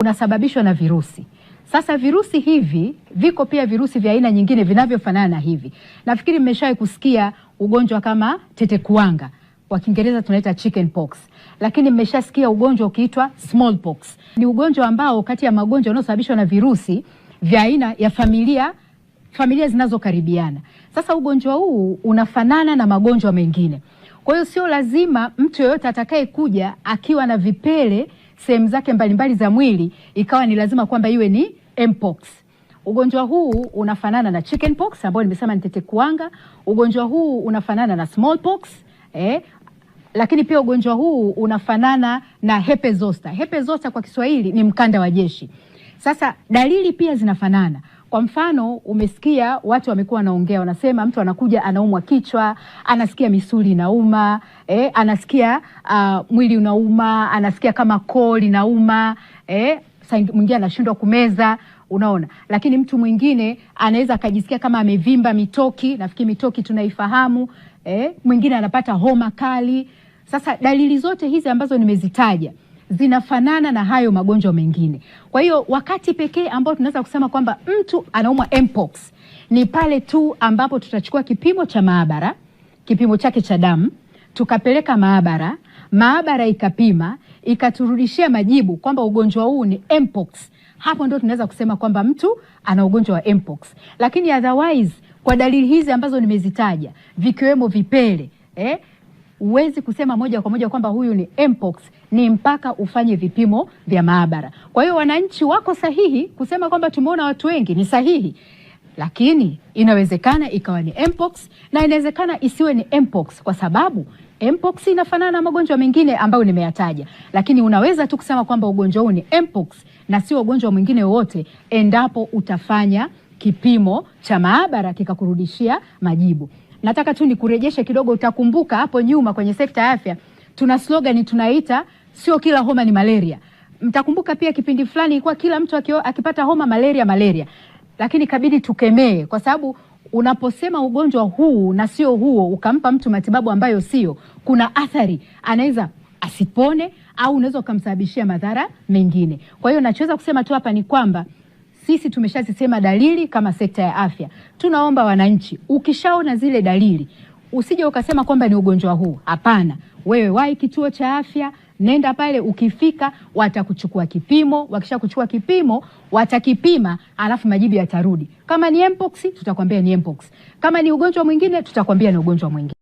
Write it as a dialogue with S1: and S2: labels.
S1: unasababishwa na virusi. Sasa virusi hivi viko pia virusi vya aina nyingine vinavyofanana na hivi. Nafikiri mmeshawahi kusikia ugonjwa kama tetekuwanga, kwa Kiingereza tunaita chicken pox, lakini mmeshasikia ugonjwa ukiitwa small pox. Ni ugonjwa ambao kati ya magonjwa yanayosababishwa na virusi vya aina ya familia familia zinazokaribiana. Sasa ugonjwa huu unafanana na magonjwa mengine, kwa hiyo sio lazima mtu yeyote atakaye kuja akiwa na vipele sehemu zake mbalimbali za mwili, ikawa ni lazima kwamba iwe ni mpox. Ugonjwa huu unafanana na chickenpox ambao nimesema ni tete kuanga. Ugonjwa huu unafanana na smallpox eh, lakini pia ugonjwa huu unafanana na herpes zoster. Herpes zoster kwa Kiswahili ni mkanda wa jeshi. Sasa dalili pia zinafanana. Kwa mfano, umesikia watu wamekuwa wanaongea, wanasema mtu anakuja anaumwa kichwa, anasikia misuli inauma eh, anasikia uh, mwili unauma, anasikia kama koo linauma eh, mwingine anashindwa kumeza Unaona, lakini mtu mwingine anaweza akajisikia kama amevimba mitoki, nafikiri mitoki tunaifahamu eh. Mwingine anapata homa kali. Sasa dalili zote hizi ambazo nimezitaja zinafanana na hayo magonjwa mengine. Kwa hiyo wakati pekee ambao tunaweza kusema kwamba mtu anaumwa mpox ni pale tu ambapo tutachukua kipimo cha maabara, kipimo chake cha damu, tukapeleka maabara, maabara ikapima, ikaturudishia majibu kwamba ugonjwa huu ni mpox. Hapo ndio tunaweza kusema kwamba mtu ana ugonjwa wa mpox, lakini otherwise kwa dalili hizi ambazo nimezitaja vikiwemo vipele eh, huwezi kusema moja kwa moja kwamba huyu ni mpox, ni mpaka ufanye vipimo vya maabara. Kwa hiyo wananchi wako sahihi kusema kwamba tumeona watu wengi, ni sahihi lakini inawezekana ikawa ni mpox na inawezekana isiwe ni mpox, kwa sababu mpox inafanana na magonjwa mengine ambayo nimeyataja, lakini unaweza tu kusema kwamba ugonjwa huu ni mpox na sio ugonjwa mwingine wowote, endapo utafanya kipimo cha maabara kikakurudishia majibu nataka tu nikurejeshe kidogo. Utakumbuka hapo nyuma kwenye sekta ya afya tuna slogan tunaita sio kila homa ni malaria. Mtakumbuka pia kipindi fulani ilikuwa kila mtu akio, akipata homa malaria malaria, lakini kabidi tukemee, kwa sababu unaposema ugonjwa huu na sio huo ukampa mtu matibabu ambayo sio, kuna athari anaweza asipone au unaweza ukamsababishia madhara mengine. Kwa hiyo nachoweza kusema tu hapa ni kwamba sisi tumeshazisema dalili kama sekta ya afya. Tunaomba wananchi, ukishaona zile dalili usije ukasema kwamba ni ugonjwa huu. Hapana, wewe wahi kituo cha afya, nenda pale. Ukifika watakuchukua kipimo, wakisha kuchukua kipimo watakipima, alafu majibu yatarudi. Kama ni mpox, tutakwambia ni mpox. Kama ni ugonjwa mwingine, tutakwambia ni ugonjwa mwingine.